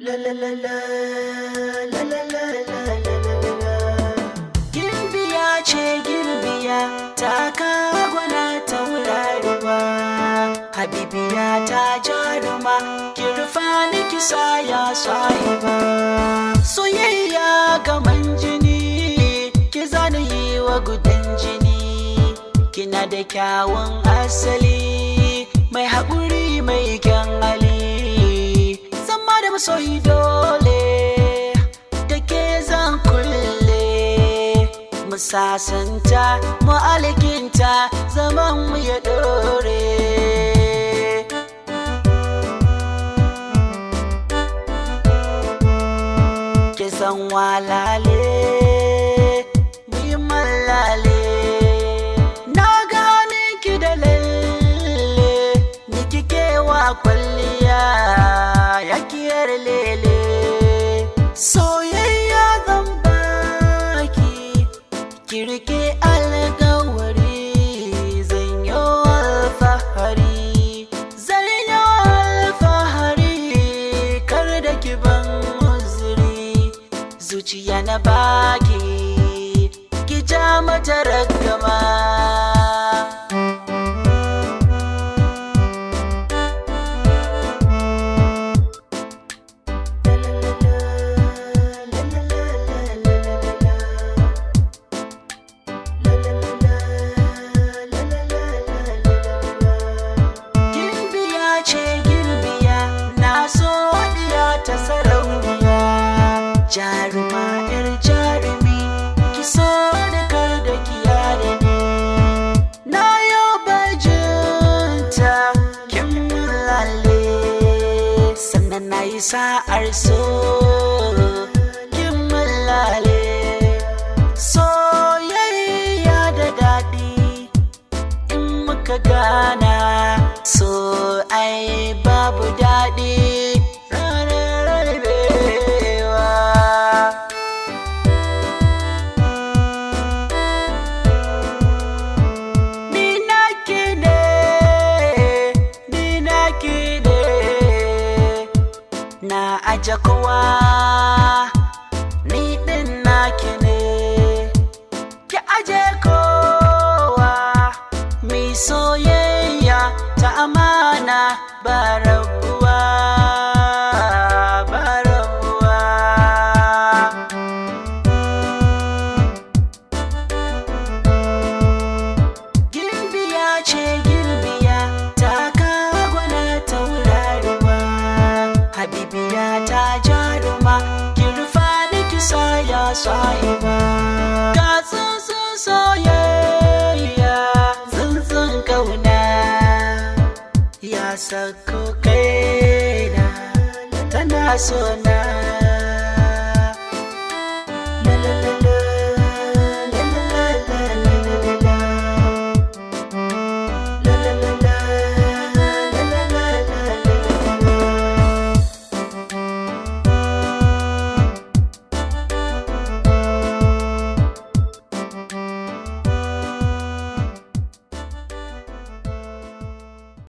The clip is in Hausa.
Girbiya ce girbiya ta kagwana ta wuraruwa Habibiya ta jaruma kirfa ni kisa ya sahiba Soyayya gaman jini ki zana yi wa gudan jini Kina da kyawun asali mai haƙuri mai kyan sasanta mu zaman mu ya ɗore san walale muhimman lale na gane ki da lalle ni kike wa kwal kirke alkawari zanyo alfahari zanyo alfahari kar da ki ban uzuri zuciya na baki ki ja mata ragama jaruma yar jarumi ki so da kar da kiya da ni na yau bajinta kin mulale sannan na yi sa'ar so da daɗi in muka gana so ai aje kowa ni din naki ne ki aje kowa mi soyayya ta amana ba ta jaruma ki rufa ni ki saya sahiba ka tsantsan soyayya tsantsan kauna ya sako kaina tana sona